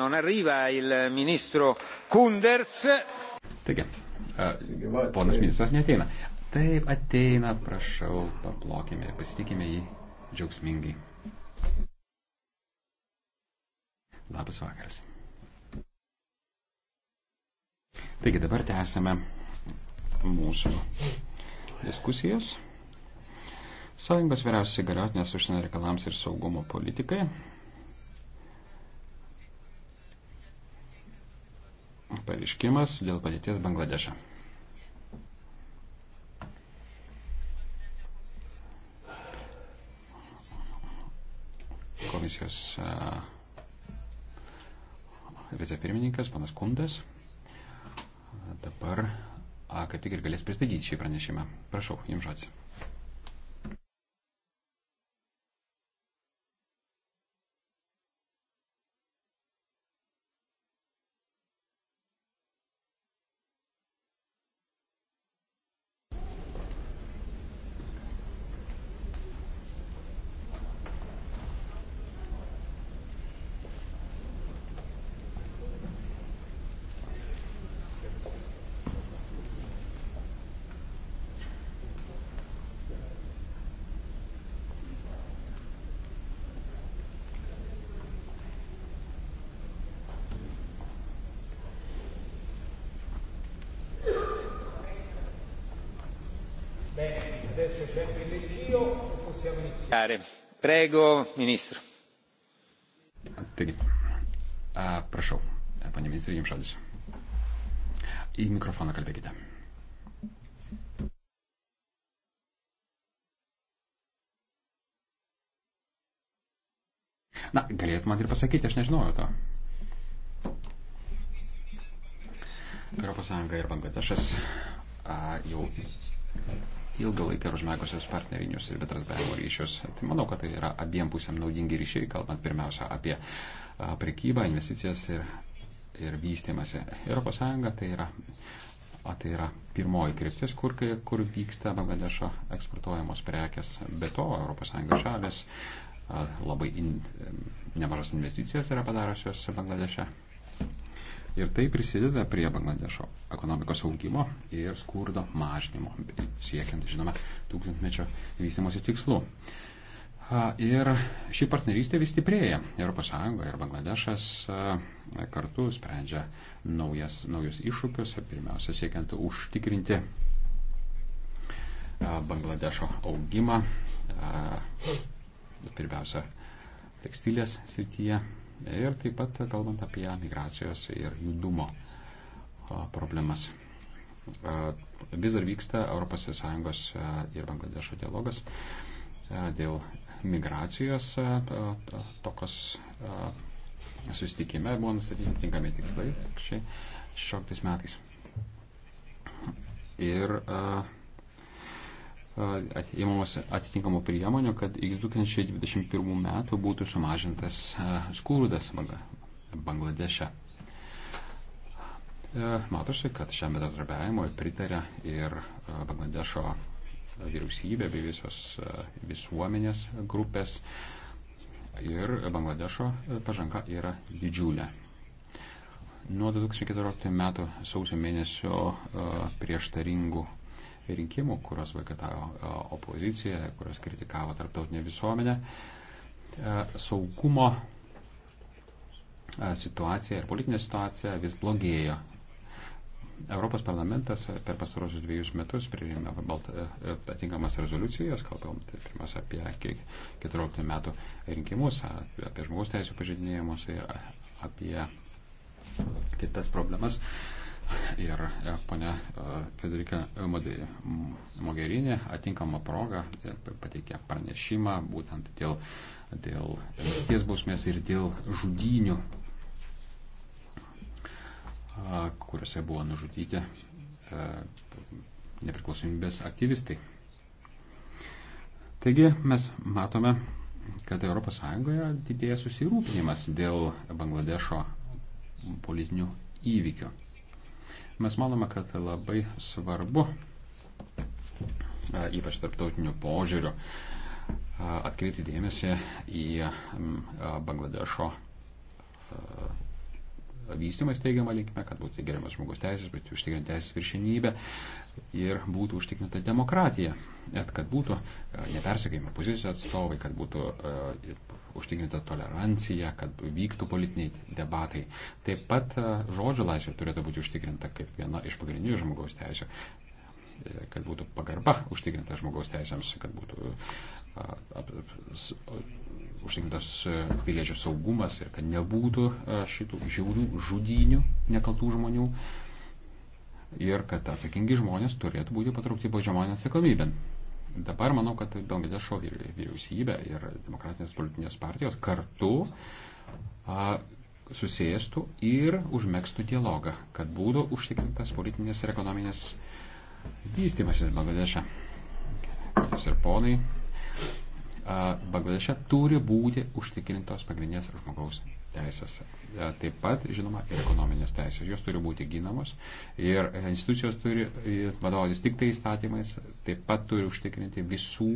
non arriva il ministro Kunders. Taigi, ponas ministras neteina. Taip ateina, prašau, paplokime ir pasitikime jį džiaugsmingai. Labas vakaras. Taigi dabar tęsime mūsų diskusijas. Sąjungos vyriausiai galiotinės užsienio reikalams ir saugumo politikai pareiškimas dėl padėties Bangladeše. Komisijos vicepirmininkas panas Kundas dabar a, kaip tik ir galės pristatyti šį pranešimą. Prašau, jums žodis. Adesso c'è il brillantino e possiamo iniziare. Prego, ministro. Taigi, a, ah, prašau, panė ministrė, jums žodis. Į mikrofoną kalbėkite. Na, galėtų man ir pasakyti, aš nežinojau to. Europos Sąjunga ir Bangladešas a, jau ilgą laiką ir užmėgusios partnerinius ir bendradarbiavimo ryšius. Tai manau, kad tai yra abiem pusėm naudingi ryšiai, kalbant pirmiausia apie prekybą, investicijas ir, ir vystimąsi. ES tai yra, a, tai yra pirmoji kryptis, kur, kur vyksta Bangladešo eksportuojamos prekes. Be to, ES šalis a, labai in, nemažas investicijas yra padariusios Bangladeše Ir tai prisideda prie Bangladešo ekonomikos augimo ir skurdo mažinimo, siekiant, žinoma, tūkstantmečio vystimosi tikslų. Ir ši partnerystė vis stiprėja. ES ir Bangladešas kartu sprendžia naujas, naujus iššūkius, pirmiausia siekiant užtikrinti Bangladešo augimą, pirmiausia tekstilės srityje, Ir taip pat kalbant apie migracijos ir judumo problemas. Vis dar vyksta ES ir Bangladešo dialogas dėl migracijos tokios susitikime buvo nustatyti tinkami tikslai 16 metais. Ir uh, įmamos atitinkamų priemonių, kad iki 2021 metų būtų sumažintas skurdas Bangladeše. E, matosi, kad šiam bendradarbiavimui pritarė ir Bangladešo vyriausybė bei visos visuomenės grupės. Ir Bangladešo e, pažanga yra didžiulė. Nuo 2014 metų sausio mėnesio prieštaringų rinkimų, kurios vaikatavo e, opozicija, kurios kritikavo tarptautinė visuomenė, e, saugumo e, situacija ir politinė situacija vis blogėjo. Europos parlamentas per pastarosius dviejus metus priėmė atitinkamas rezoliucijas, kalbam tai pirmiausia apie 14 metų rinkimus, apie žmogaus teisų pažeidinėjimus ir apie kitas problemas. Uh, ir e, ponia e, Federika Mogerinė atinkamą progą pateikė pranešimą būtent dėl, dėl mirties bausmės ir dėl žudynių, kuriuose buvo nužudyti e, nepriklausomybės aktyvistai. Taigi mes matome, kad ES didėja susirūpinimas dėl Bangladešo politinių įvykių. Mes manome, kad labai svarbu, ypač tarptautiniu požiūriu, atkreipti dėmesį į Bangladešo vystymą steigiamą linkme, kad būtų geriamas žmogus teisės, būtų užtikrinta teisės viršinybė ir būtų užtikrinta demokratija, kad būtų nepersekėjimo pozicijos atstovai, kad būtų užtikrinta tolerancija, kad vyktų politiniai debatai. Taip pat e, žodžio laisvė turėtų būti užtikrinta kaip viena iš pagrindinių žmogaus teisų e, kad būtų pagarba užtikrinta žmogaus teisėms, kad būtų e, užtikrintas piliečių saugumas ir kad nebūtų šitų žiaurių žudynių nekaltų žmonių ir kad atsakingi žmonės turėtų būti patraukti baudžiamonę atsakomybę. Dabar manau, kad Bangladešo vyriausybė ir demokratinės politinės partijos kartu a, susėstų ir užmėgstų dialogą, kad būtų užtikrintas politinės ir ekonominės vystimasis Bangladešą. Pats ir ponai, Bangladešą turi būti užtikrintos pagrindinės žmogaus teisės. Taip pat, žinoma, ir ekonominės teisės. Jos turi būti ginamos ir institucijos turi e, vadovautis tik tai įstatymais, taip pat turi užtikrinti visų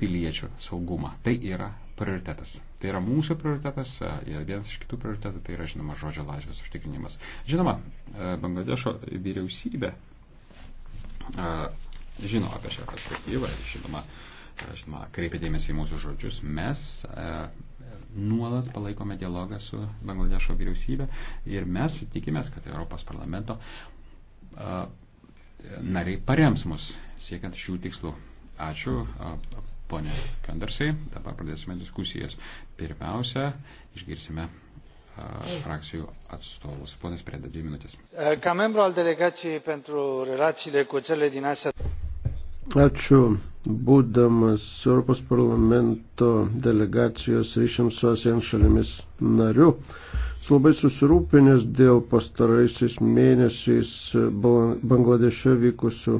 piliečių saugumą. Tai yra prioritetas. Tai yra mūsų prioritetas e, ir vienas iš kitų prioritetų tai yra, žinoma, žodžio laisvės užtikrinimas. Žinoma, e, Bangladešo vyriausybė e, žino apie šią perspektyvą ir, žinoma, žinoma kreipia dėmesį į mūsų žodžius. Mes nuolat palaikome dialogą su Bangladešo vyriausybė ir mes tikimės, kad Europos parlamento nariai parems mus siekiant šių tikslų. Ačiū, ponė Kandarsai. Dabar pradėsime diskusijas. Pirmiausia, išgirsime frakcijų atstovus. Ponas Preda, dvi minutės. E, ca membru al delegației pentru relațiile cu țările din Asia. Ačiū. Būdamas Europos parlamento delegacijos ryšiams su ASEAN šalimis nariu, Esu labai susirūpinęs dėl pastaraisiais mėnesiais Bangladeše vykusių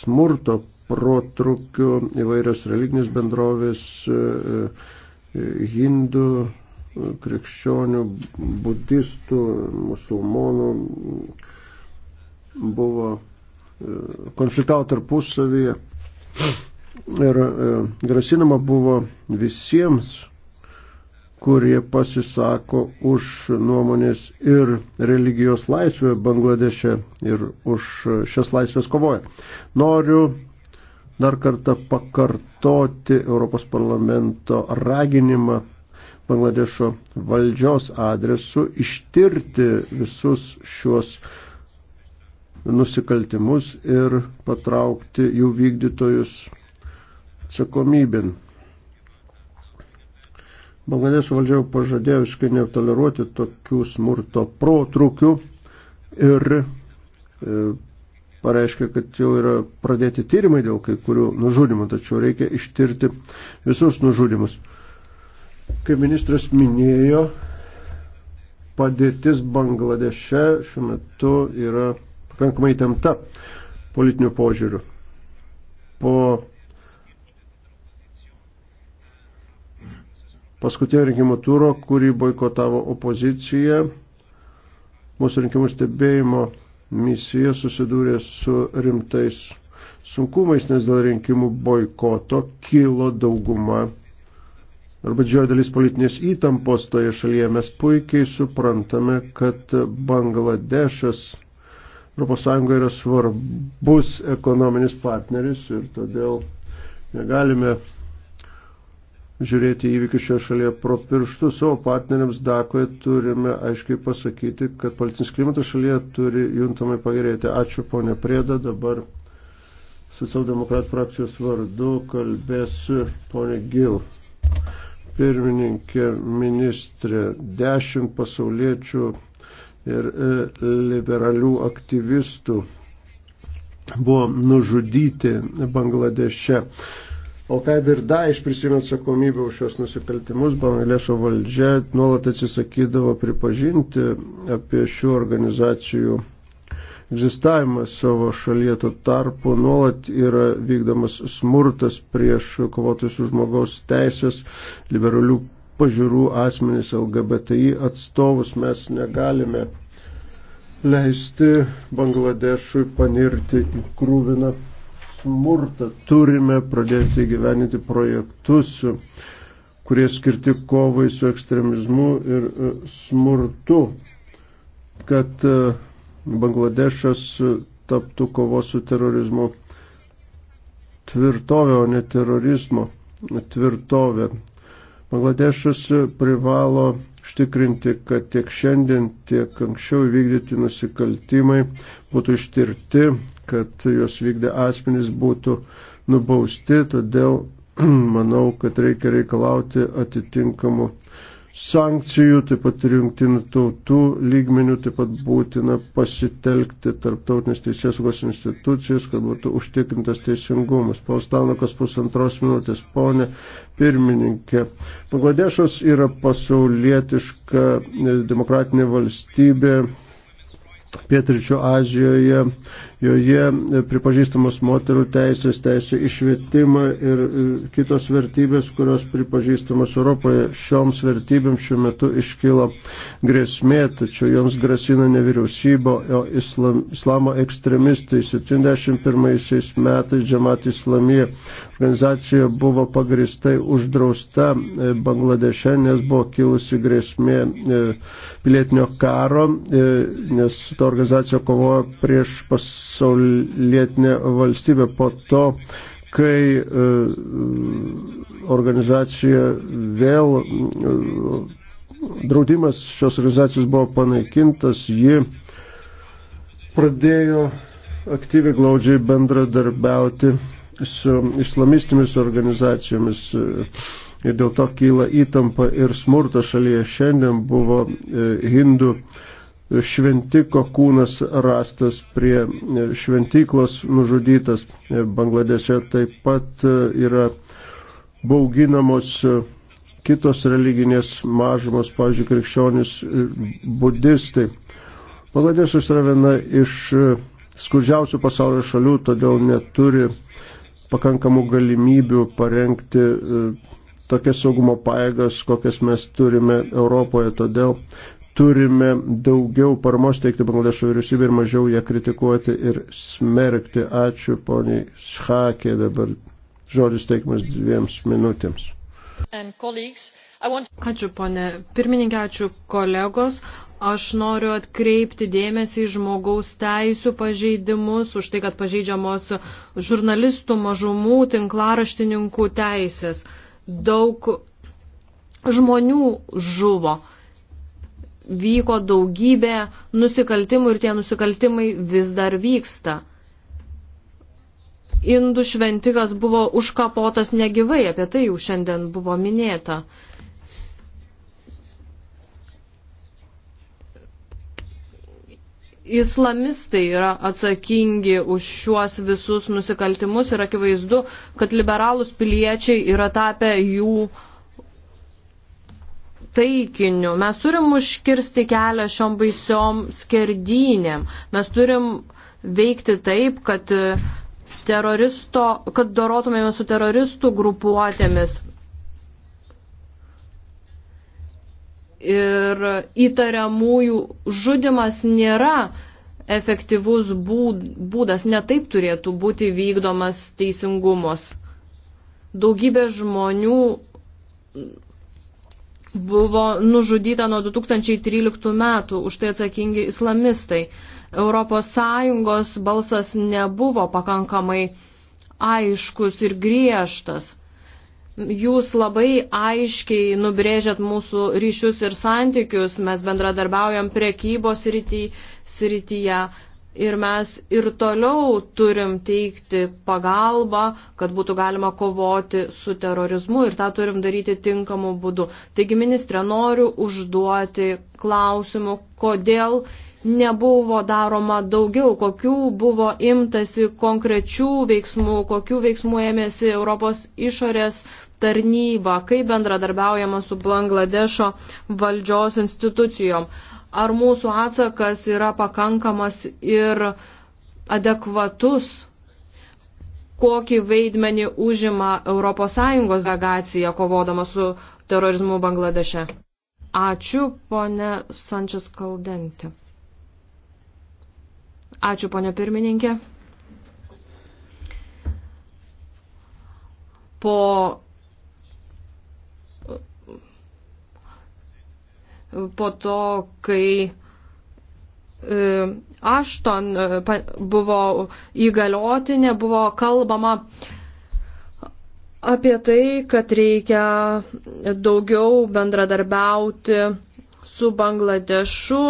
smurto protrukių įvairios religinės bendrovės, e, e, hindų, krikščionių, budistų, musulmonų buvo e, konfliktavo tarpusavyje ir grasinama buvo visiems kurie pasisako už nuomonės ir religijos laisvę Bangladeše ir už šias laisvės kovoja. Noriu dar kartą pakartoti Europos parlamento raginimą Bangladešo valdžios adresu ištirti visus šiuos nusikaltimus ir patraukti jų vykdytojus atsakomybėn. Bangladešo valdžia jau pažadėjo visiškai netoleruoti tokių smurto protrukių ir e, pareiškia, kad jau yra pradėti tyrimai dėl kai kurių nužudimų, tačiau reikia ištirti visus nužudimus. Kaip ministras minėjo, padėtis Bangladeše šiuo metu yra pakankamai temta politinių požiūrių. Po paskutinio rinkimų turo, kurį boikotavo opozicija. Mūsų rinkimų stebėjimo misija susidūrė su rimtais sunkumais, nes dėl rinkimų boikoto kilo dauguma arba didžioji dalis politinės įtampos toje šalyje. Mes puikiai suprantame, kad Bangladešas ES yra svarbus ekonominis partneris ir todėl negalime žiūrėti įvykius šioje šalyje pro pirštus. Savo partneriams Dakoje turime aiškiai pasakyti, kad politinis klimatas šalyje turi juntamai pagerėti. Ačiū ponė Prėda, dabar socialdemokratų frakcijos vardu kalbės ponė Gil. Pirmininkė, ministrė, dešimt pasauliečių ir e, liberalių aktyvistų buvo nužudyti Bangladeše Alkaid ir Daesh prisimė atsakomybę už šios nusikaltimus, Bangladešo valdžia nuolat atsisakydavo pripažinti apie šių organizacijų egzistavimą savo šalyje, tuo tarpu nuolat yra vykdomas smurtas prieš kovotojus už žmogaus teisės, liberalių pažiūrų asmenys, LGBTI atstovus mes negalime leisti Bangladešui panirti į krūviną smurtą. Turime pradėti gyveninti projektus, kurie skirti kovai su ekstremizmu ir e, smurtu, kad e, Bangladešas e, taptų kovos su terorizmu tvirtovė, o ne terorizmo tvirtovė. Bangladešas privalo štikrinti, kad tiek šiandien, tiek anksčiau vykdyti nusikaltimai būtų ištirti, kad juos vykdė asmenys būtų nubausti, todėl manau, kad reikia reikalauti atitinkamų sankcijų, taip pat ir jungtinių tautų lygmenių, taip pat būtina pasitelkti tarptautinės teisėsaugos institucijas, kad būtų užtikrintas teisingumas. Paustanokas pusantros minutės, ponė pirmininkė. Bangladešas yra pasaulietiška demokratinė valstybė. Pietričio Azijoje Joje pripažįstamos moterų teisės, teisė išvietimą ir kitos vertybės, kurios pripažįstamos Europoje. Šioms vertybėms šiuo metu iškyla grėsmė, tačiau joms grasina ne vyriausybė, o islam, islamo ekstremistai. 71 metais Džamat Islamija organizacija buvo pagristai uždrausta e, Bangladeše, nes buvo kilusi grėsmė e, pilietinio karo, e, nes ta organizacija kovojo prieš pas pasaulietinė valstybė po to, kai e, organizacija vėl, e, draudimas šios organizacijos buvo panaikintas, ji pradėjo aktyviai glaudžiai bendradarbiauti su islamistinėmis organizacijomis e, ir dėl to kyla įtampa ir smurta šalyje. Šiandien buvo hindų uh, šventiko kūnas rastas prie šventyklos nužudytas. Bangladese taip pat yra bauginamos kitos religinės mažumos, pavyzdžiui, krikščionis budistai. Bangladešas yra viena iš skurdžiausių pasaulio šalių, todėl neturi pakankamų galimybių parengti e, tokias saugumo paėgas, kokias mes turime Europoje. Todėl turime daugiau paramos teikti Bangladešo vyriausybė ir mažiau ją kritikuoti ir smerkti. Ačiū poniai Schakė dabar. Žodis teikimas dviems minutėms. Want... Ačiū ponė. Pirmininkė, ačiū kolegos. Aš noriu atkreipti dėmesį į žmogaus teisų pažeidimus, už tai, kad pažeidžiamos žurnalistų mažumų, tinklaraštininkų teisės. Daug žmonių žuvo vyko daugybė nusikaltimų ir tie nusikaltimai vis dar vyksta. Indų šventikas buvo užkapotas negyvai, apie tai jau šiandien buvo minėta. Islamistai yra atsakingi už šiuos visus nusikaltimus ir akivaizdu, kad liberalus piliečiai yra tapę jų uh, taikiniu. Mes turim užkirsti kelią šiom baisiom skerdynėm. Mes turim veikti taip, kad, kad dorotumėme su teroristų grupuotėmis. Ir įtariamųjų žudimas nėra efektyvus būdas, netaip turėtų būti vykdomas teisingumas. Daugybė žmonių buvo nužudyta nuo 2013 metų, už tai atsakingi islamistai. ES balsas nebuvo pakankamai aiškus ir griežtas. Jūs labai aiškiai nubrėžėt mūsų ryšius ir santykius, mes bendradarbiaujam priekybos srity, srityje, Ir mes ir toliau turim teikti pagalbą, kad būtų galima kovoti su terorizmu ir tą turim daryti tinkamu būdu. Taigi, ministrė, noriu užduoti klausimų, kodėl nebuvo daroma daugiau, kokių buvo imtasi konkrečių veiksmų, kokių veiksmų ėmėsi Europos išorės tarnyba, kaip bendradarbiaujama su Bangladešo valdžios institucijom. Uh, ar mūsų atsakas yra pakankamas ir adekvatus, kokį vaidmenį užima ES delegacija kovodama su terorizmu Bangladeše. Ačiū, ponė Sančias Kaldentė. Ačiū, ponė pirmininkė. Po po to, kai e, Ašton e, buvo įgaliotinė, buvo kalbama apie tai, kad reikia daugiau bendradarbiauti su Bangladešu.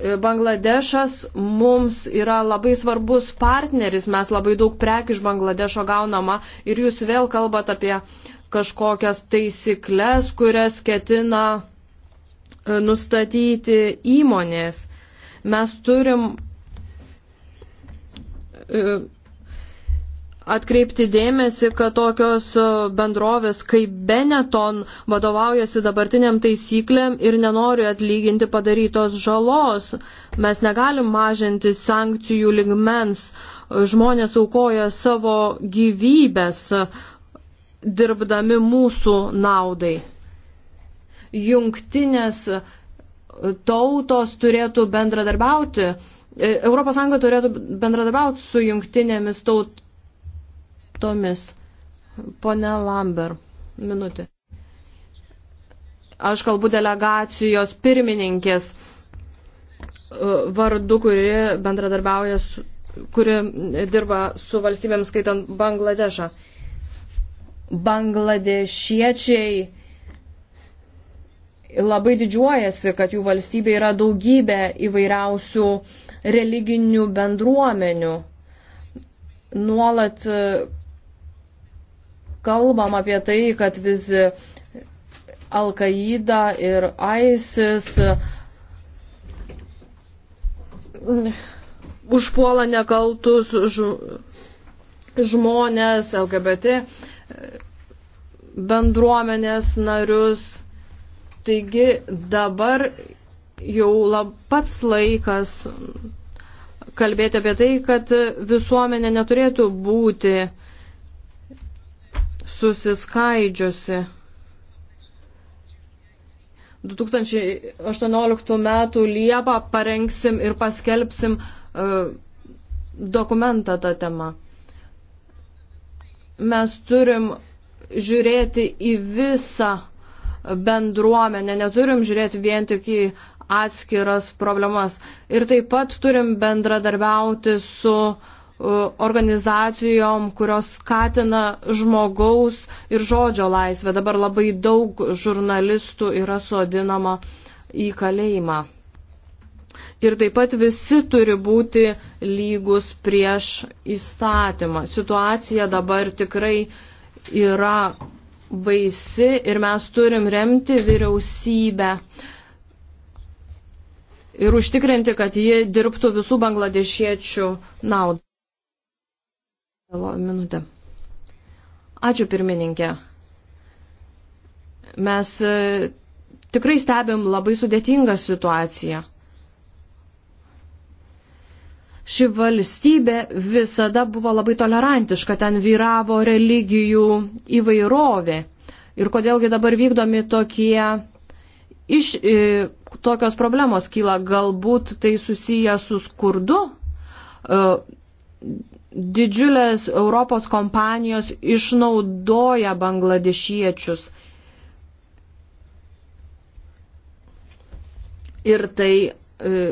E, Bangladešas mums yra labai svarbus partneris, mes labai daug prekių iš Bangladešo gaunama ir jūs vėl kalbat apie kažkokias taisyklės, kurias ketina nustatyti įmonės. Mes turim e, atkreipti dėmesį, kad tokios bendrovės kaip Benetton vadovaujasi dabartiniam taisyklėm ir nenori atlyginti padarytos žalos. Mes negalim mažinti sankcijų ligmens. Žmonės aukoja savo gyvybės dirbdami mūsų naudai jungtinės tautos turėtų bendradarbiauti, ES turėtų bendradarbiauti su jungtinėmis tautomis. Pone Lambert, minutė. Aš kalbu delegacijos pirmininkės e, vardu, kuri bendradarbiauja, su, kuri dirba su valstybėms skaitant Bangladešą. Bangladešiečiai labai didžiuojasi, kad jų valstybė yra daugybė įvairiausių religinių bendruomenių. Nuolat e, kalbam apie tai, kad vis Al-Qaida ir ISIS e, užpuola nekaltus žmonės, LGBT e, bendruomenės narius. Taigi dabar jau lab, pats laikas kalbėti apie tai, kad visuomenė neturėtų būti susiskaidžiusi. 2018 m. Liepą parengsim ir paskelbsim uh, dokumentą tą temą. Mes turim žiūrėti į visą bendruomenę, neturim žiūrėti vien tik į atskiras problemas. Ir taip pat turim bendradarbiauti su e, organizacijom, kurios skatina žmogaus ir žodžio laisvę. Dabar labai daug žurnalistų yra sodinama į kalėjimą. Ir taip pat visi turi būti lygus prieš įstatymą. Situacija dabar tikrai yra baisi ir mes turim remti vyriausybę ir užtikrinti, kad ji dirbtų visų bangladešiečių naudą. Minutė. Ačiū pirmininkė. Mes e, tikrai stebim labai sudėtingą situaciją ši valstybė visada buvo labai tolerantiška, ten vyravo religijų įvairovė. Ir kodėlgi dabar vykdomi tokie iš, e, tokios problemos kyla, galbūt tai susiję su skurdu. E, didžiulės Europos kompanijos išnaudoja bangladešiečius. Ir tai e,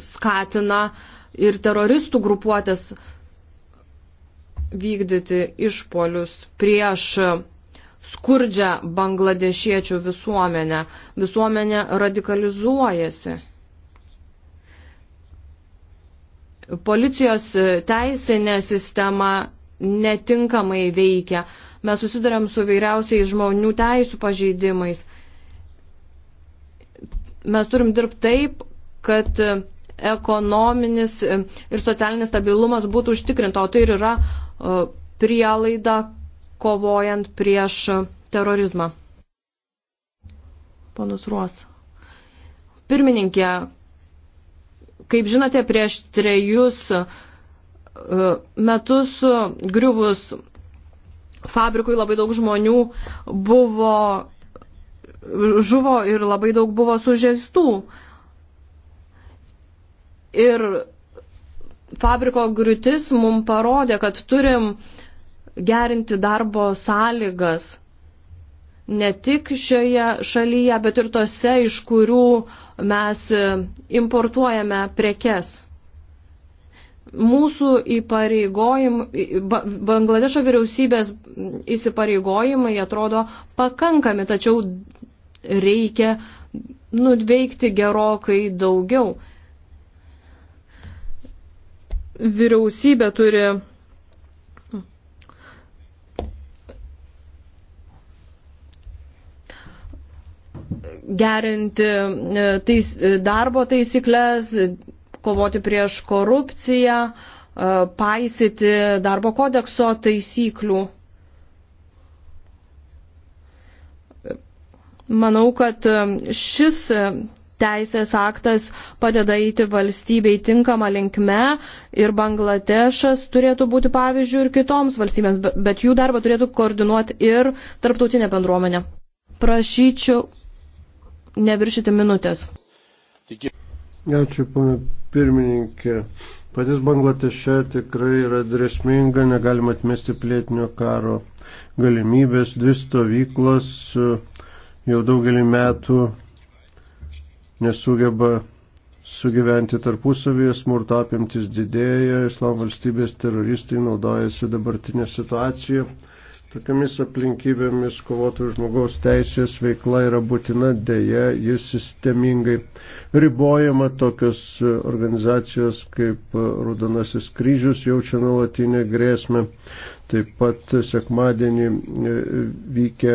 skatina uh, ir teroristų grupuotės vykdyti išpolius prieš skurdžią bangladešiečių visuomenę. Visuomenė radikalizuojasi. Policijos teisinė sistema netinkamai veikia. Mes susidurėm su vairiausiais žmonių teisų pažeidimais. Mes turim dirbti taip, kad ekonominis ir socialinis stabilumas būtų užtikrinta, o tai ir yra e, prielaida kovojant prieš terorizmą. Ponus Ruos. Pirmininkė, kaip žinote, prieš trejus e, metus griuvus fabrikui labai daug žmonių buvo žuvo ir labai daug buvo sužeistų. Ir fabriko griūtis mums parodė, kad turim gerinti darbo sąlygas ne tik šioje šalyje, bet ir tose, iš kurių mes importuojame prekes. Mūsų įpareigojimai, Bangladešo vyriausybės įsipareigojimai atrodo pakankami, tačiau reikia nuveikti gerokai daugiau vyriausybė turi gerinti e, tais, e, darbo taisyklės, kovoti prieš korupciją, e, paisyti darbo kodekso taisyklių. Manau, kad šis teisės aktas padeda eiti valstybei tinkamą linkme ir Bangladešas turėtų būti pavyzdžių ir kitoms valstybėms, bet jų darbą turėtų koordinuoti ir tarptautinė bendruomenė. Prašyčiau neviršyti minutės. Ačiū, pana pirmininkė. Patys Bangladeše tikrai yra dresminga, negalima atmesti plėtinio karo galimybės, dvi stovyklos e, jau daugelį metų nesugeba sugyventi tarpusavyje, smurto apimtis didėja, islamo valstybės teroristai naudojasi dabartinę situaciją. Tokiamis aplinkybėmis kovotojų žmogaus teisės veikla yra būtina, dėja, jis sistemingai ribojama, tokios organizacijos kaip Rudonasis kryžius jaučia nuolatinę grėsmę Taip pat sekmadienį e, vykė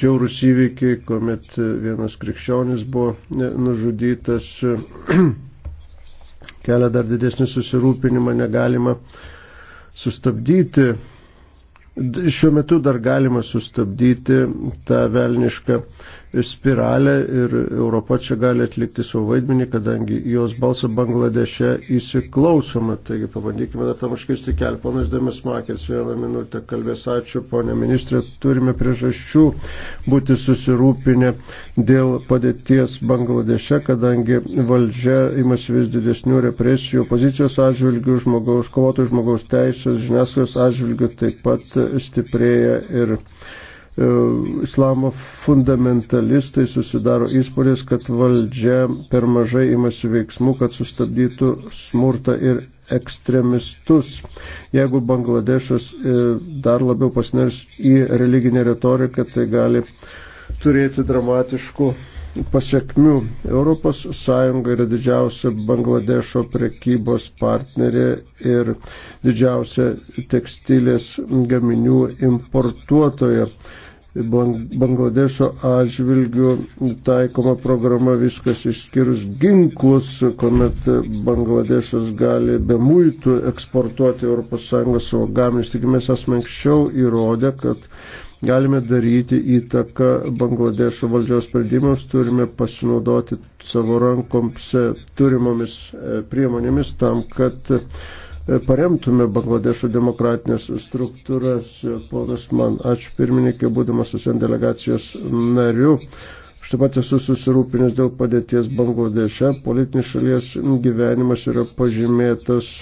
žiaurūs įvykiai, kuomet vienas krikščionis buvo e, nužudytas. Kelia dar didesnį susirūpinimą, negalima sustabdyti. Šiuo metu dar galima sustabdyti tą velnišką spiralę ir Europa čia gali atlikti savo vaidmenį, kadangi jos balsą Bangladeše įsiklausoma. Taigi pabandykime dar tam užkirsti kelią. Ponas Demis Makės vieną minutę kalbės. Ačiū, ponė ministrė. Turime priežasčių būti susirūpinę dėl padėties Bangladeše, kadangi valdžia imasi vis didesnių represijų opozicijos atžvilgių, žmogaus, kovotojų žmogaus teisės, žiniasklaidos atžvilgių taip pat stiprėja ir E, islamo fundamentalistai susidaro įspūdis, kad valdžia per mažai imasi veiksmų, kad sustabdytų smurtą ir ekstremistus. Jeigu Bangladešas e, dar labiau pasners į religinę retoriką, tai gali turėti dramatiškų pasiekmių. ES yra didžiausia Bangladešo prekybos partnerė ir didžiausia tekstilės gaminių importuotoja. Bangladešo atžvilgių taikoma programa viskas išskyrus ginklus, kuomet Bangladešas gali be muitų eksportuoti ES savo gaminius. Tik mes esame anksčiau įrodę, kad galime daryti įtaką Bangladešo valdžios sprendimams, turime pasinaudoti savo rankoms turimomis e, priemonėmis tam, kad paremtume Bangladešo demokratinės struktūras. Ponas man, ačiū pirmininkė, būdamas susien delegacijos nariu. Aš taip pat esu susirūpinęs dėl padėties Bangladeše. Politinis šalies gyvenimas yra pažymėtas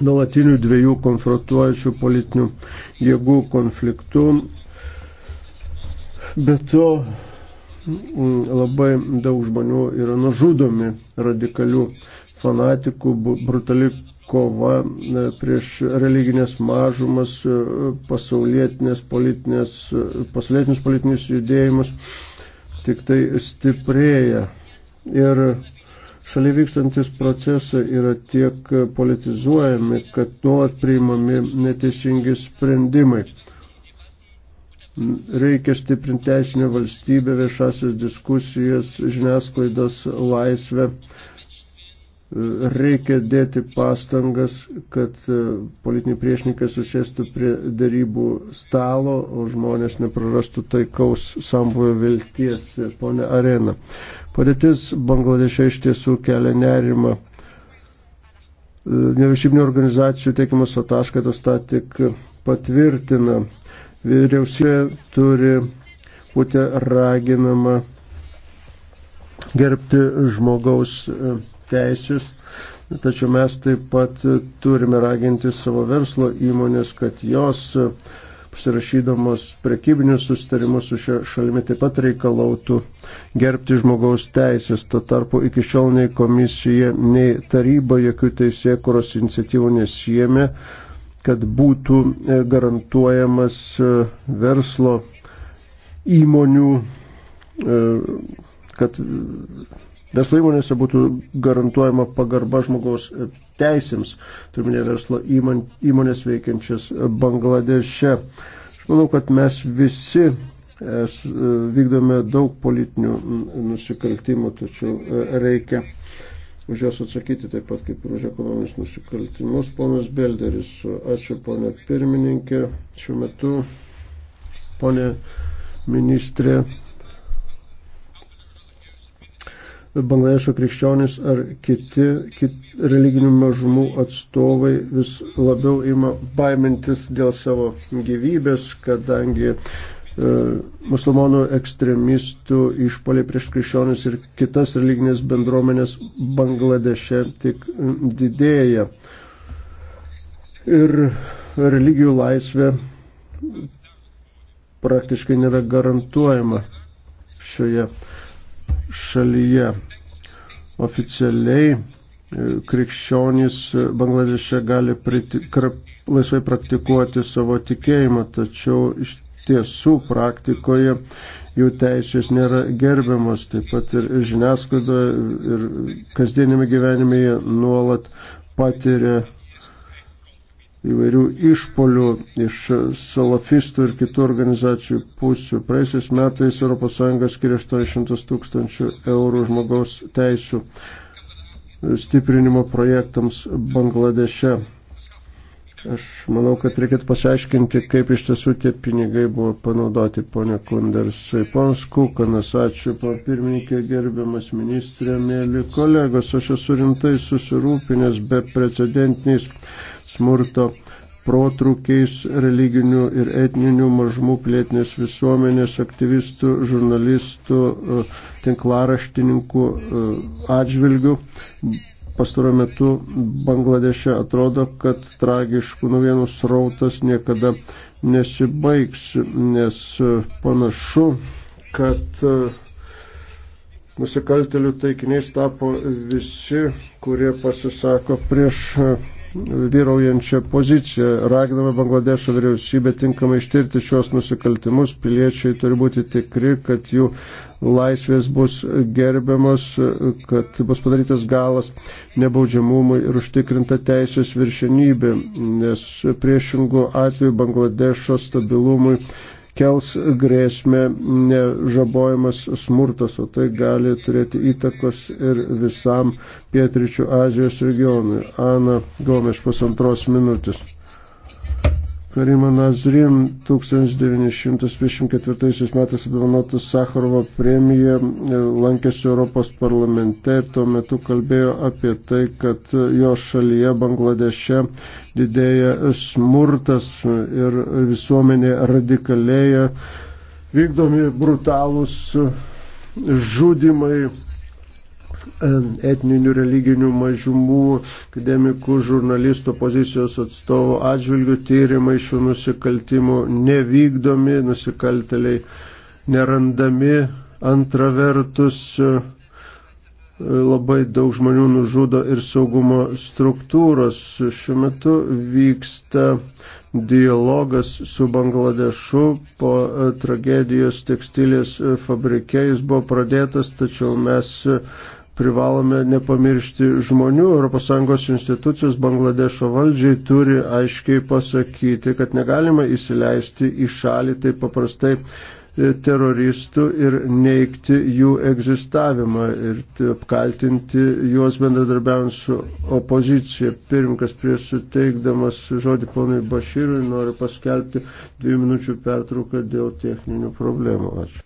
nuolatinių dviejų konfrontuojančių politinių jėgų konfliktų. Be to labai daug žmonių yra nužudomi radikalių fanatikų, brutali kova e, prieš religinės mažumas, e, pasaulietinės politinės, e, pasaulietinius politinius judėjimus tik tai stiprėja. Ir šalia vykstantis procesai yra tiek politizuojami, kad nuolat priimami neteisingi sprendimai. Reikia stiprinti teisinę valstybę, viešasias diskusijas, žiniasklaidos laisvę reikia dėti pastangas, kad e, politiniai priešininkai susėstų prie darybų stalo, o žmonės neprarastų taikaus sambuojo vilties. E, pone Arena, padėtis Bangladešė iš tiesų kelia nerimą. E, Nevyšybinio organizacijų teikiamas ataskaitos tą tik patvirtina. Vyriausybė turi būti raginama gerbti žmogaus teisės, tačiau mes taip pat turime raginti savo verslo įmonės, kad jos e, pasirašydamos prekybinius sustarimus su šia šalimi taip pat reikalautų gerbti žmogaus teisės. Tuo tarpu iki šiol nei komisija, nei taryba jokių teisėkuros iniciatyvų nesijėmė, kad būtų e, garantuojamas e, verslo įmonių, kad verslo įmonėse būtų garantuojama pagarba žmogaus teisėms, turminė verslo įmon, įmonės veikiančias Bangladeše. Aš manau, kad mes visi es, vykdome daug politinių nusikaltimų, tačiau e, reikia už juos atsakyti taip pat kaip ir už ekonominius nusikaltimus. Ponas Belderis, ačiū ponė pirmininkė. Šiuo metu ponė ministrė Bangladešo krikščionis ar kiti, kiti religinių mažumų atstovai vis labiau ima baimintis dėl savo gyvybės, kadangi e, musulmonų ekstremistų išpoliai prieš krikščionis ir kitas religinės bendruomenės Bangladeše tik e, didėja. Ir religijų laisvė praktiškai nėra garantuojama šioje šalyje. Oficialiai e, krikščionys Bangladeše gali priti, kra, laisvai praktikuoti savo tikėjimą, tačiau iš tiesų praktikoje jų teisės nėra gerbiamas. Taip pat ir žiniasklaidoje, ir kasdienėme gyvenime jie nuolat patiria įvairių išpolių iš salafistų ir kitų organizacijų pusių. Praėjusiais metais ES skiria 800 tūkstančių eurų žmogaus teisų stiprinimo projektams Bangladeše. Aš manau, kad reikėtų pasiaiškinti, kaip iš tiesų tie pinigai buvo panaudoti, ponė Kundersai. Ponas Kukanas, ačiū, po pirmininkė, gerbiamas ministrė, mėly kolegos, aš esu rimtai susirūpinęs be precedentiniais smurto protrukiais religinių ir etninių mažumų plėtinės visuomenės aktyvistų, žurnalistų, e, tinklaraštininkų e, atžvilgių. Pastaruoju metu Bangladeše atrodo, kad tragiškų naujienų srautas niekada nesibaigs, nes e, panašu, kad nusikaltelių taikiniais tapo visi, kurie pasisako prieš vyraujančią poziciją. Ragdama Bangladešo vyriausybę tinkamai ištirti šios nusikaltimus, piliečiai turi būti tikri, kad jų laisvės bus gerbiamos, kad bus padarytas galas nebaudžiamumui ir užtikrinta teisės viršenybė, nes priešingų atveju Bangladešo stabilumui kels grėsmę nežabojamas smurtas, o tai gali turėti įtakos ir visam pietričių Azijos regionui. Ana Gomeš pusantros minutės. Karima Nazrim 1954 metais apdovanotas Sakharovo premija lankėsi Europos parlamente ir tuo metu kalbėjo apie tai, kad jo šalyje Bangladeše didėja smurtas ir visuomenė radikalėja, vykdomi brutalūs žudimai etninių, religinių mažumų, akademikų, žurnalistų, pozicijos atstovų atžvilgių tyrimai šių nusikaltimų nevykdomi, nusikalteliai nerandami, antra vertus labai daug žmonių nužudo ir saugumo struktūros. Šiuo metu vyksta dialogas su Bangladešu po e, tragedijos tekstilės e, fabrike. Jis buvo pradėtas, tačiau mes e, privalome nepamiršti žmonių. ES institucijos Bangladešo valdžiai turi aiškiai pasakyti, kad negalima įsileisti į šalį taip paprastai E, teroristų ir neikti jų egzistavimą ir apkaltinti juos bendradarbiavant su opozicija. Pirmkas prieš suteikdamas žodį ponui Baširui noriu paskelbti dviejų minučių pertrauką dėl techninių problemų. Ačiū.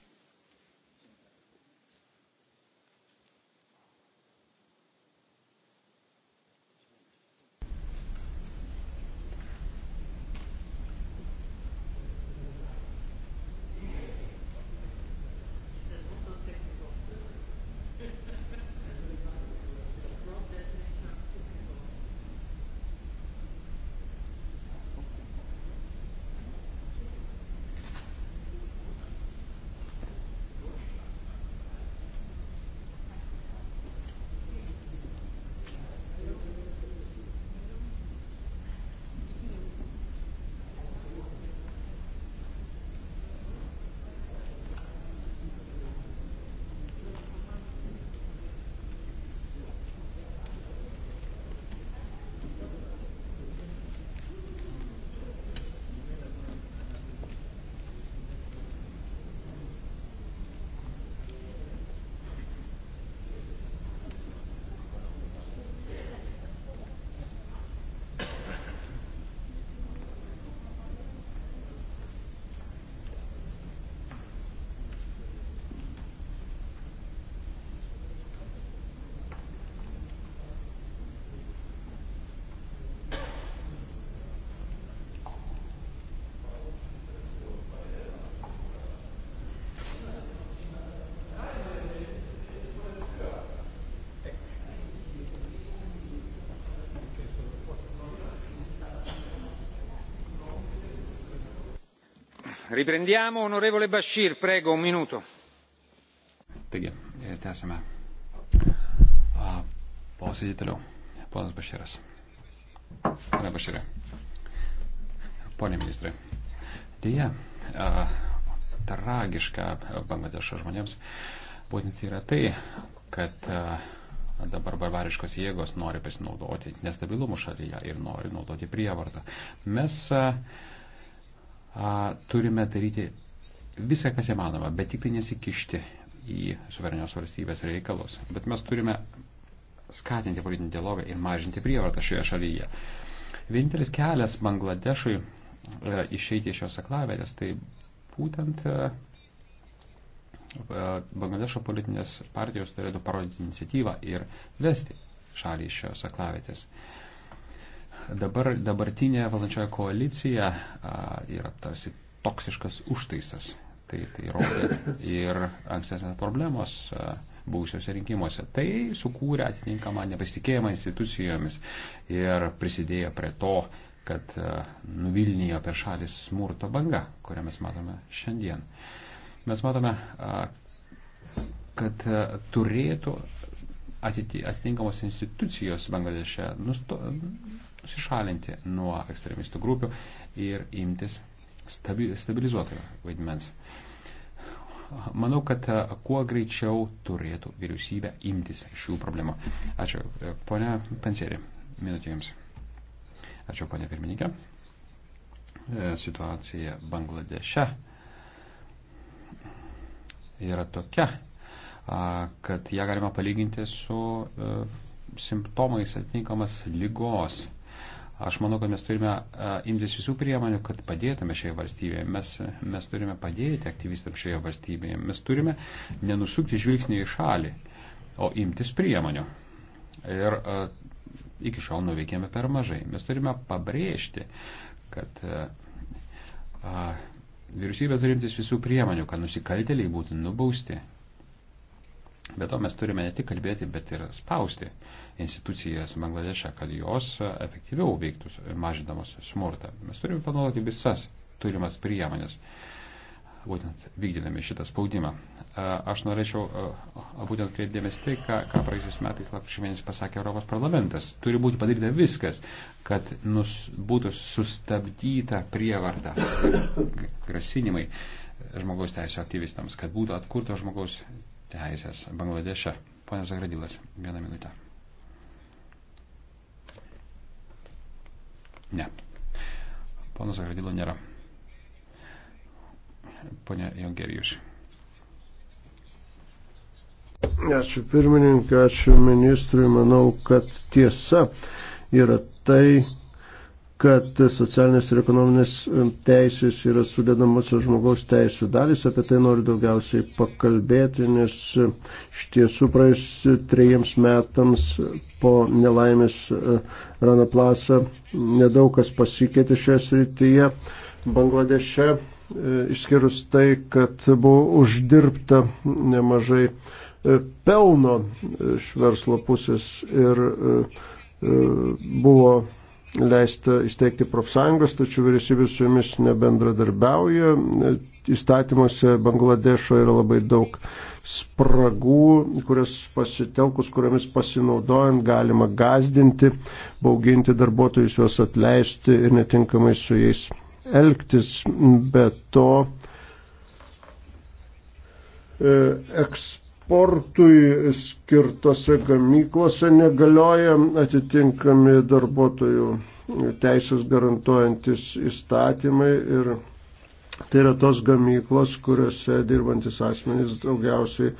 Riprendiamo, onorevole Bashir, prego, un minuto. Taigi, e, tęsime posėdį toliau. Ponas Baširas. Pane Baširai. Pone ministrai. Deja, a, tragiška Bangladešo žmonėms būtent yra tai, kad a, dabar barbariškos jėgos nori pasinaudoti nestabilumu šalyje ir nori naudoti prievartą. Mes a, a, turime daryti viską, kas įmanoma, bet tik tai nesikišti į suverenios valstybės reikalus. Bet mes turime skatinti politinį dialogą ir mažinti prievartą šioje šalyje. Vienintelis kelias Bangladešui e, išeiti iš šios aklavėlės, tai būtent e, Bangladešo politinės partijos turėtų parodyti iniciatyvą ir vesti šalį iš šios aklavėtės. E, Dabar dabartinė valdančioji koalicija a, yra tarsi toksiškas užtaisas. Tai, tai rodo ir ankstesnės problemos a, būsiuose rinkimuose. Tai sukūrė atitinkamą nepasitikėjimą institucijomis ir prisidėjo prie to, kad a, nuvilnijo per šalį smurto banga, kurią mes matome šiandien. Mes matome, a, kad a, turėtų atitinkamos institucijos Bangladeše nusto, nusišalinti nuo ekstremistų grupių ir imtis stabi, stabilizuotojo vaidmens. Manau, kad e, kuo greičiau turėtų vyriausybė imtis šių problemų. Ačiū, e, ponia Panserė, minutė jums. Ačiū, ponia pirmininkė. E, situacija Bangladeše yra tokia, kad ją galima palyginti su simptomais atitinkamas lygos Aš manau, kad mes turime e, imtis visų priemonių, kad padėtume šioje valstybėje. Mes, mes turime padėti aktyvistams šioje valstybėje. Mes turime nenusukti žvilgsnį į šalį, o imtis priemonių. Ir a, e, iki šiol nuveikėme per mažai. Mes turime pabrėžti, kad a, e, a, vyriausybė turintis visų priemonių, kad nusikaltėliai būtų nubausti, Be to mes turime ne tik kalbėti, bet ir spausti institucijas Bangladeše, kad jos efektyviau veiktų mažindamos smurtą. Mes turime panaudoti visas turimas priemonės, būtent vykdydami šitą spaudimą. Aš norėčiau būtent kreipdėmės tai, ką, ką praėjusiais metais lapkričio mėnesį pasakė Europos parlamentas. Turi būti padaryta viskas, kad nus, būtų sustabdyta prievarta, grasinimai žmogaus teisų aktyvistams, kad būtų atkurta žmogaus teisės Bangladeše. Pone Zagradilas, vieną minutę. Ne. Pono Zagradilo nėra. Pone Jongerijus. Ačiū pirmininkai, ačiū ministrui. Manau, kad tiesa yra tai, kad socialinės ir ekonominės e, teisės yra sudėdamosios žmogaus teisų dalis. Apie tai noriu daugiausiai pakalbėti, nes e, iš tiesų praėjus trejiems metams po nelaimės e, Rana Plasa nedaug kas pasikeitė šioje srityje. Bangladeše, išskyrus tai, kad buvo uždirbta nemažai pelno iš verslo pusės ir buvo leista įsteigti profsąjungas, tačiau vyriausybė su jomis nebendradarbiauja. Įstatymuose Bangladešo yra labai daug spragų, kurias pasitelkus, kuriamis pasinaudojant galima gazdinti, bauginti darbuotojus, juos atleisti ir netinkamai su jais elgtis. Be to, e, eks eksportui skirtose gamyklose negalioja atitinkami darbuotojų teisės garantuojantis įstatymai ir tai yra tos gamyklos, kuriuose dirbantis asmenys daugiausiai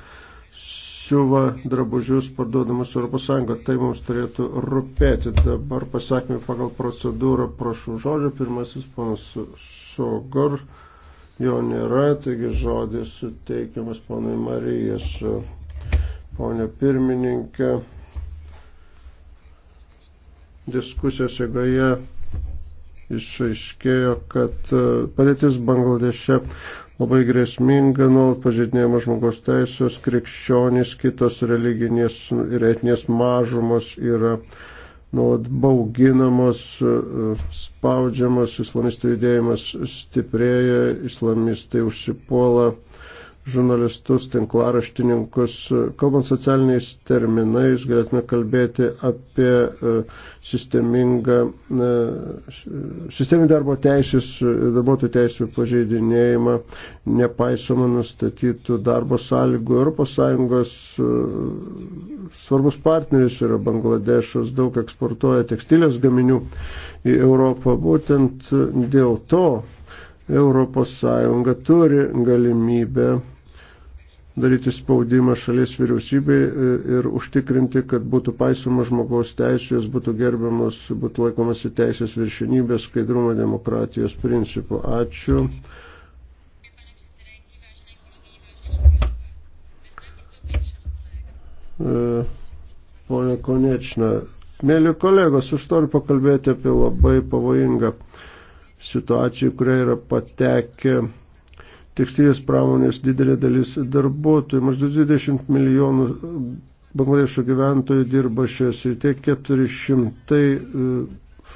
siuva drabužius parduodamus ES. Tai mums turėtų rūpėti. Dabar pasakymai pagal procedūrą, prašau žodžio, pirmasis ponas Sogor. So jo nėra, taigi žodis suteikiamas ponui Marijas, ponė pirmininkė. Diskusijos eigoje išaiškėjo, kad e, padėtis Bangladeše labai grėsminga, nuolat pažydinėjama žmogaus teisės, krikščionys, kitos religinės ir etinės mažumos yra nuolat bauginamos, spaudžiamos, islamistų judėjimas stiprėja, islamistai užsipuola žurnalistus, tinklaraštininkus. Kalbant socialiniais terminais, galėtume kalbėti apie e, sistemingą, e, sisteminį darbo teisės, darbuotojų teisų pažeidinėjimą, nepaisomą nustatytų darbo sąlygų. ES e, svarbus partneris yra Bangladešas, daug eksportuoja tekstilės gaminių į Europą. Būtent dėl to ES turi galimybę daryti spaudimą šalies vyriausybei e, ir užtikrinti, kad būtų paisoma žmogaus teisų, jos būtų gerbiamos, būtų laikomasi teisės viršinybės, skaidrumo, demokratijos principų. Ačiū. E, Pone Konečna, mėly kolegos, aš noriu pakalbėti apie labai pavojingą situaciją, kurioje yra patekę tekstilės pramonės didelė dalis darbuotojų. Maždaug 20 milijonų e, Bangladešo gyventojų dirba šioje srityje, 400 e,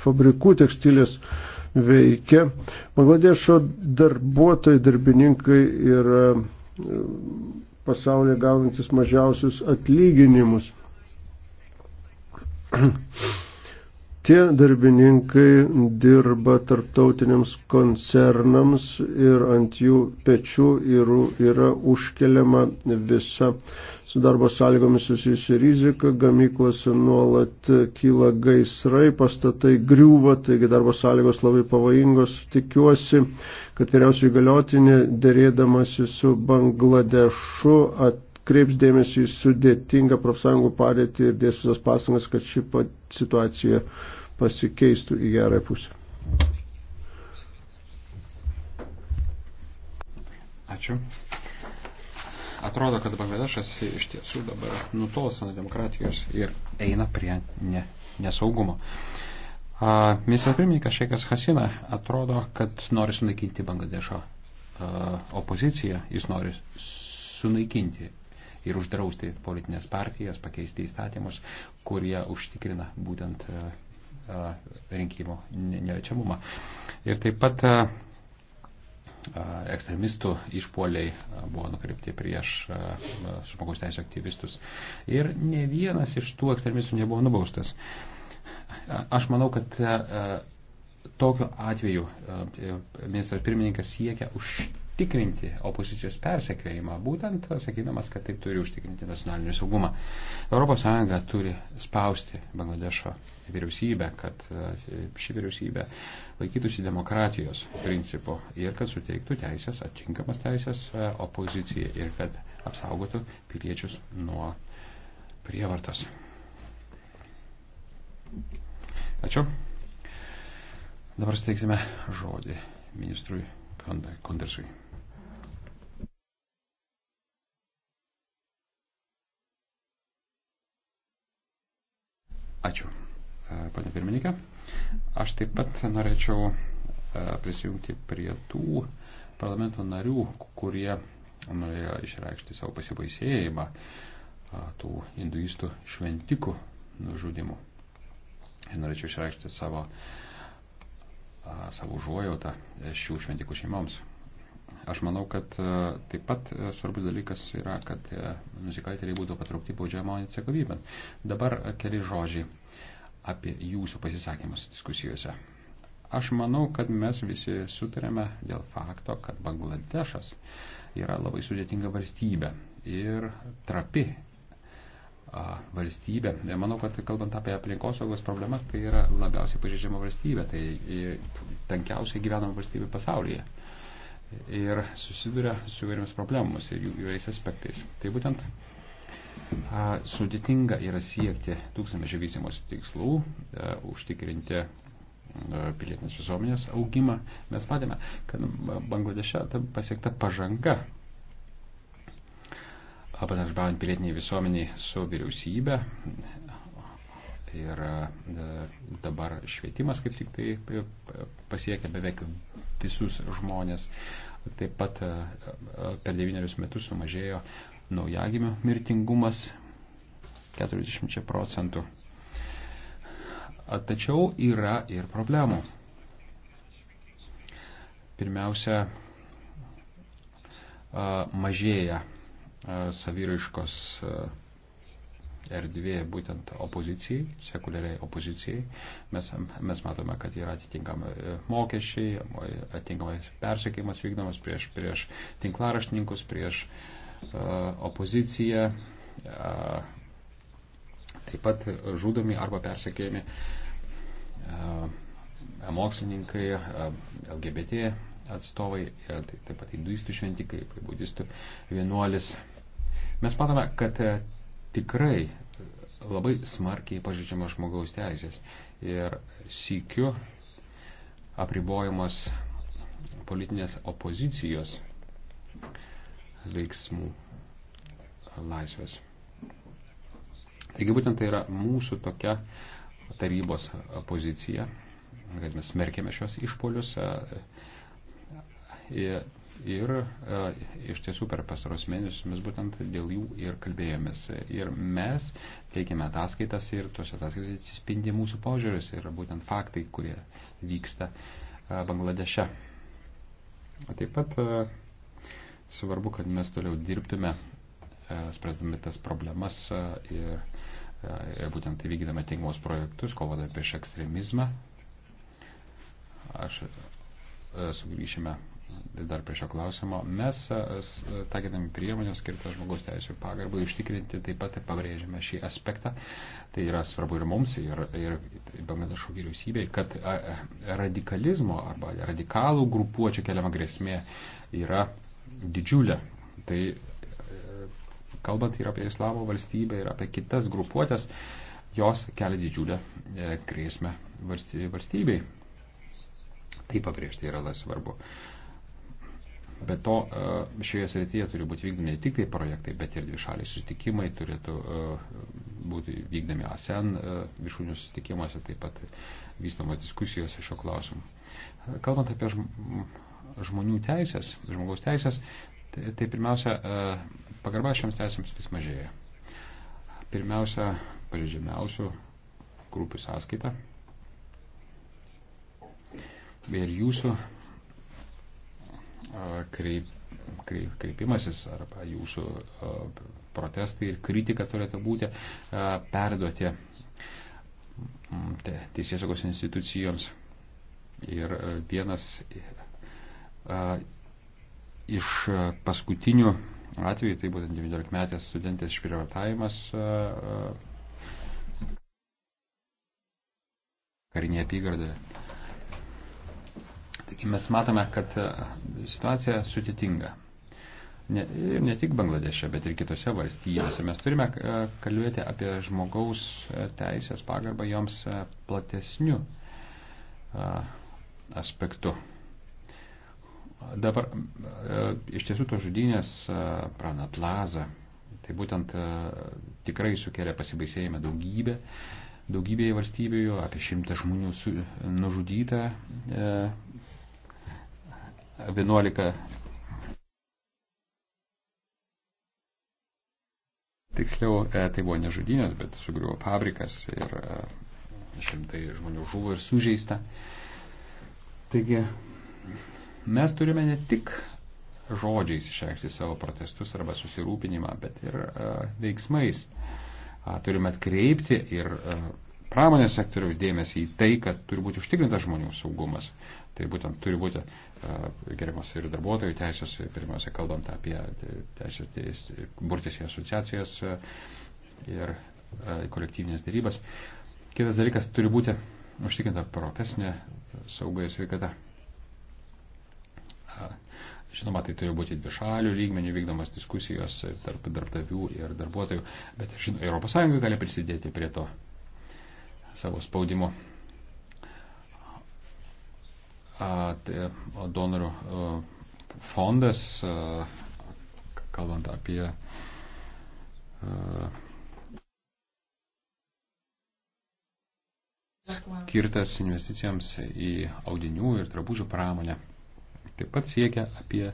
fabrikų tekstilės veikia. Bangladešo darbuotojai, darbininkai yra e, pasaulyje gaunantis mažiausius atlyginimus. Tie darbininkai dirba tarptautiniams koncernams ir ant jų pečių yra, yra užkeliama visa su darbo sąlygomis susijusi rizika, gamyklose nuolat kyla gaisrai, pastatai griūva, taigi darbo sąlygos labai pavojingos. Tikiuosi, kad vyriausiai galiotinė dėrėdamasi su Bangladešu atkreips dėmesį į sudėtingą profsąjungų padėtį ir dės visas pasangas, kad ši situacija pasikeistų į gerą pusę. Ačiū. Atrodo, kad Bangladešas iš tiesų dabar nutolsta nuo demokratijos ir eina prie ne, nesaugumo. A, ministras pirmininkas Šeikas Hasina atrodo, kad nori sunaikinti Bangladešo a, opoziciją, jis nori sunaikinti ir uždrausti politinės partijas, pakeisti įstatymus, kurie užtikrina būtent a, rinkimų neliečiamumą. Ir taip pat ekstremistų išpoliai buvo nukreipti prieš žmogaus teisų aktyvistus. Ir ne vienas iš tų ekstremistų nebuvo nubaustas. Aš manau, kad tokiu atveju ministras pirmininkas siekia už užtikrinti opozicijos persekiojimą, būtent sakydamas, kad taip turi užtikrinti nacionalinį saugumą. ES turi spausti Bangladešo vyriausybę, kad e, ši vyriausybė laikytųsi demokratijos principų ir kad suteiktų teisės, atitinkamas teisės e, opozicijai ir kad apsaugotų piliečius nuo prievartos. Ačiū. Dabar steiksime žodį ministrui Kondersui. Ačiū, e, ponė pirmininkė. Aš taip pat norėčiau e, prisijungti prie tų parlamento narių, kurie norėjo išreikšti savo pasibaisėjimą e, tų hinduistų šventikų nužudimų. Ir norėčiau išreikšti savo, savo užuojautą šių šventikų šeimoms. Aš manau, kad e, taip pat e, svarbus dalykas yra, kad e, nusikaltėliai būtų patraukti baudžiamo atsakomybę. Dabar keli žodžiai apie jūsų pasisakymus diskusijose. Aš manau, kad mes visi sutarėme dėl fakto, kad Bangladešas yra labai sudėtinga valstybė ir trapi valstybė. Manau, kad kalbant apie aplinkosaugos problemas, tai yra labiausiai pažeidžiama valstybė, tai tankiausiai gyvenama valstybė pasaulyje ir susiduria su įvairiomis problemomis ir įvairiais aspektais. Tai būtent a, sudėtinga yra siekti tūkstančio vysimos tikslų, a, užtikrinti pilietinės visuomenės augimą. Mes matėme, kad Bangladeše pasiekta pažanga bendradarbiaujant pilietiniai visuomeniai su vyriausybė, Ir e, dabar švietimas kaip tik tai e, pasiekia beveik visus žmonės. Taip pat e, per devynerius metus sumažėjo naujagimio mirtingumas 40 procentų. Tačiau yra ir problemų. Pirmiausia, mažėja saviraiškos erdvė būtent opozicijai, sekuliariai opozicijai. Mes, mes matome, kad yra atitinkami e, mokesčiai, atitinkamas persekėjimas vykdomas prieš, prieš tinklaraštininkus, prieš uh, opoziciją. Uh, taip pat žudomi arba persekėjami uh, mokslininkai, uh, LGBT atstovai, uh, taip pat hinduistų šventikai, budistų vienuolis. Mes matome, kad e, tikrai labai smarkiai pažydžiama žmogaus teisės. Ir sykiu apribojamas politinės opozicijos veiksmų laisvės. Taigi būtent tai yra mūsų tokia tarybos pozicija, kad mes smerkėme šios išpolius. Ir e, e, Ir e, iš tiesų per pasaros mėnesius mes būtent dėl jų ir kalbėjomės. Ir mes teikiame ataskaitas ir tos ataskaitas atsispindi mūsų požiūris ir būtent faktai, kurie vyksta e, Bangladeše. O taip pat e, svarbu, kad mes toliau dirbtume, e, spręsdami tas problemas e, ir e, būtent įvykdami teigiamus projektus, kovodami prieš ekstremizmą. Aš e, sugrįšime dar prie šio klausimo. Mes, e, e, takydami priemonę skirtą žmogaus teisų pagarbai, užtikrinti taip pat pabrėžiame šį aspektą. Tai yra svarbu ir mums, ir, ir Bangladešo vyriausybei, kad e, radikalizmo arba radikalų grupuočių keliama grėsmė yra didžiulė. Tai kalbant ir apie Islamo valstybę, ir apie kitas grupuotės, jos kelia didžiulę grėsmę valstybei. Tai pabrėžti yra labai svarbu. Uh, Be to, e, šioje srityje turi būti vykdomi ne tik tai projektai, bet ir dvišaliai susitikimai turėtų e, būti vykdami ASEN e, viršūnių susitikimuose, taip pat vystomos diskusijos šio klausimu. Kalbant apie žmonių teisės, žmogaus teisės, tai, tai pirmiausia, pagarba šiams teisėms vis mažėja. Pirmiausia, pažeidžiamiausių grupių sąskaita. Ir jūsų kreip, kreip, kreipimasis arba jūsų protestai ir kritika turėtų būti perduoti teisėsaugos institucijoms. Ir vienas iš paskutinių atvejų, tai būtent 19 metės studentės išprievartavimas karinėje apygardoje. Taigi mes matome, kad e, situacija sudėtinga. Ne, ir ne tik Bangladeše, bet ir kitose valstybėse. Mes turime e, kalbėti apie žmogaus e, teisės pagarbą joms platesnių aspektų. Dabar iš tiesų to žudynės Prana Plaza, tai būtent tikrai sukelia pasibaisėjimą daugybę, daugybėje valstybių, apie šimtą žmonių su, nužudyta 11. Tiksliau, e, tai buvo ne žudynės, bet sugriuvo fabrikas ir e, šimtai žmonių žuvo ir sužeista. Taigi, mes turime ne tik žodžiais išreikšti savo protestus arba susirūpinimą, bet ir e, veiksmais. Turime atkreipti ir pramonės sektoriaus dėmesį į tai, kad turi būti užtikrintas žmonių saugumas. Tai būtent turi būti e, gerimas ir darbuotojų teisės, pirmiausia, kalbant apie teisės burtis į asociacijas e, ir e, kolektyvinės dėrybas. Kitas dalykas turi būti užtikrinta profesinė sauga ir sveikata. Žinoma, tai turi būti dvišalių lygmenių vykdomas diskusijos tarp darbdavių ir darbuotojų, bet žinoma, ES gali prisidėti prie to savo spaudimo tai, donorų fondas, kalbant apie skirtas investicijams į audinių ir drabužių pramonę. Taip pat siekia apie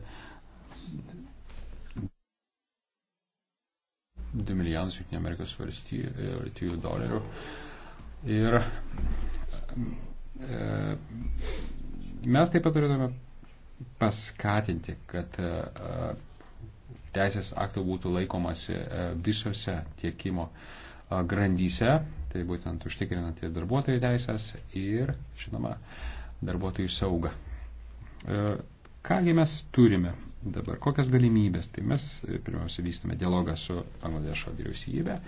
2 milijonus Junktinių Amerikos valstybių dolerių. Ir e, Mes taip pat turėtume paskatinti, kad e, teisės aktų būtų laikomasi e, visose tiekimo e, grandyse, tai būtent užtikrinant ir darbuotojų teisės ir, žinoma, darbuotojų saugą. Kągi mes turime dabar, kokias galimybės, tai mes pirmiausia vystame dialogą su Bangladešo vyriausybė.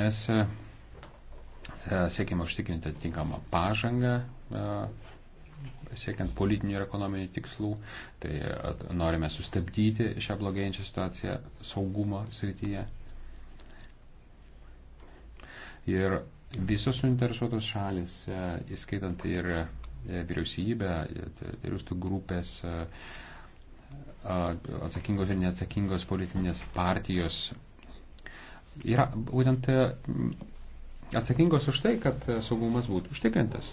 Mes siekime užtikrinti atitinkamą pažangą, siekiant politinių ir ekonominių tikslų, tai norime sustabdyti šią blogėjančią situaciją saugumo srityje. Ir visos suinteresuotos šalis, įskaitant ir vyriausybę, teroristų grupės, atsakingos ir neatsakingos politinės partijos, yra būtent atsakingos už tai, kad saugumas būtų užtikrintas.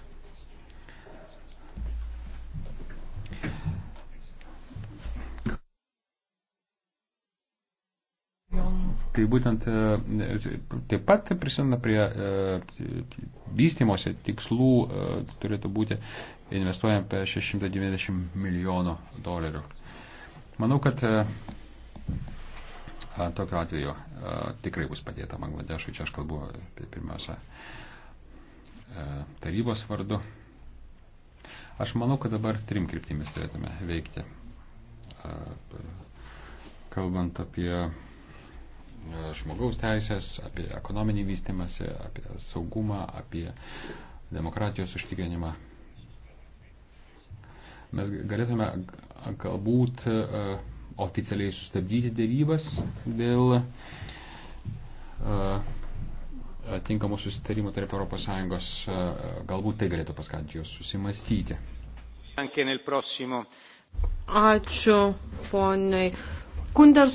tai būtent e, taip pat prisideda prie e, vystimosi tikslų e, turėtų būti investuojant apie 690 milijonų dolerių. Manau, kad tokiu atveju tikrai bus padėta Bangladešui, čia aš kalbu pirmiausia tarybos vardu. Aš manau, kad dabar trim kryptimis turėtume veikti. Kalbant apie E, žmogaus teisės, apie ekonominį vystimąsi, apie saugumą, apie demokratijos užtikrinimą. Mes galėtume galbūt e, oficialiai sustabdyti dėrybas dėl e, tinkamų susitarimų tarp ES. Galbūt tai galėtų paskatinti juos susimastyti. Ačiū, poniai. Kunders